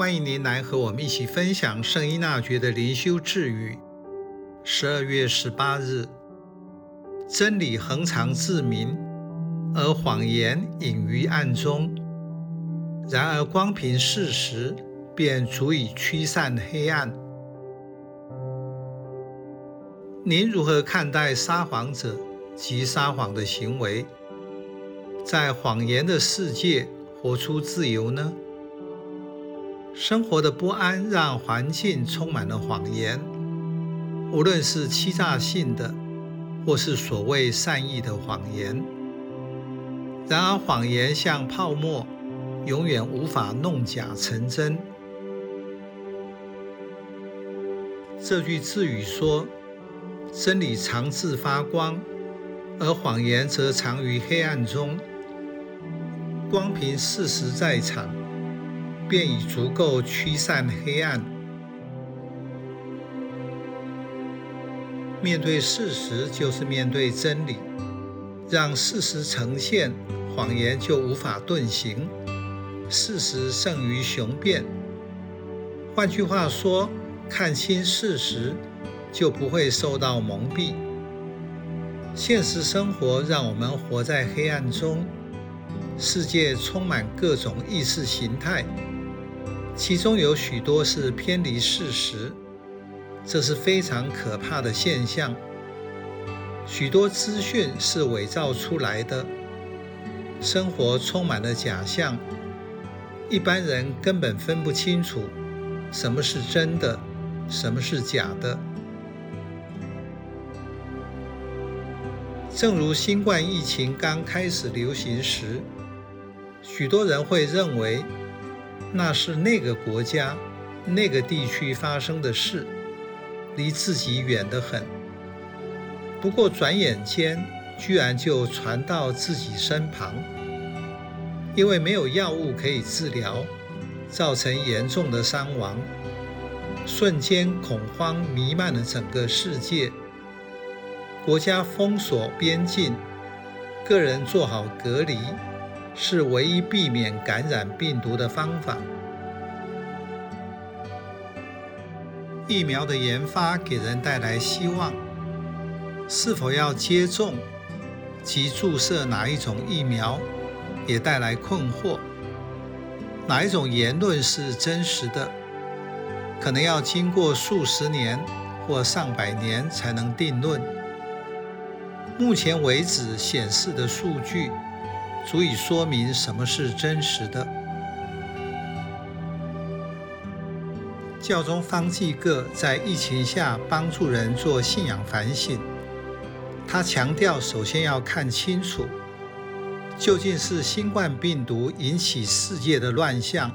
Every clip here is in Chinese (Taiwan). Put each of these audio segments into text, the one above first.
歡迎您來和我們一起分享聖依納爵的靈修智語。十二月十八日，真理恆常自明，而謊言隱於暗中。然而，光憑事實便足以驅散黑暗。您如何看待撒謊者及撒謊的行為？在謊言的世界，活出自由呢？生活的不安讓環境充滿了謊言，無論是欺詐性的，或是所謂善意的謊言。然而，謊言像泡沫，永遠無法弄假成真。這句智語說：“真理常自發光，而謊言則藏於黑暗中。光憑事實在場，”便已足夠驅散黑暗。面對事實就是面對真理，讓事實呈現，謊言就無法遁形。事實勝於雄辯。換句話說，看清事實，就不會受到蒙蔽。現實生活讓我們活在黑暗中，世界充滿各種意識形態。其中有許多是偏離事實，這是非常可怕的現象。許多資訊是偽造出來的，生活充滿了假象，一般人根本分不清楚什麼是真的，什麼是假的。正如新冠疫情剛開始流行時，許多人會認為。那是那個國家、那個地區發生的事，離自己遠得很。不過轉眼間，居然就傳到自己身旁，因為沒有藥物可以治療，造成嚴重的傷亡，瞬間恐慌彌漫了整個世界，國家封鎖邊境，個人做好隔離，是唯一避免感染病毒的方法。疫苗的研發給人帶來希望，是否要接種及注射哪一種疫苗，也帶來困惑。哪一種言論是真實的，可能要經過數十年或上百年才能定論。目前為止顯示的數據，足以說明什麼是真實的。教宗方濟各在疫情下幫助人做信仰反省，他強調首先要看清楚，究竟是新冠病毒引起世界的亂象，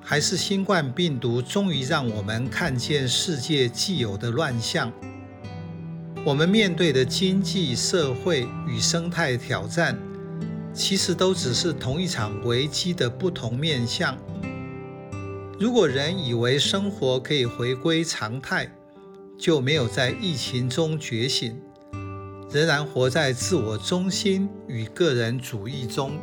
還是新冠病毒終於讓我們看見世界既有的亂象。我們面對的經濟、社會與生態挑戰。其實都只是同一場危機的不同面向。如果人以為生活可以回歸常態，就沒有在疫情中覺醒，仍然活在自我中心與個人主義中。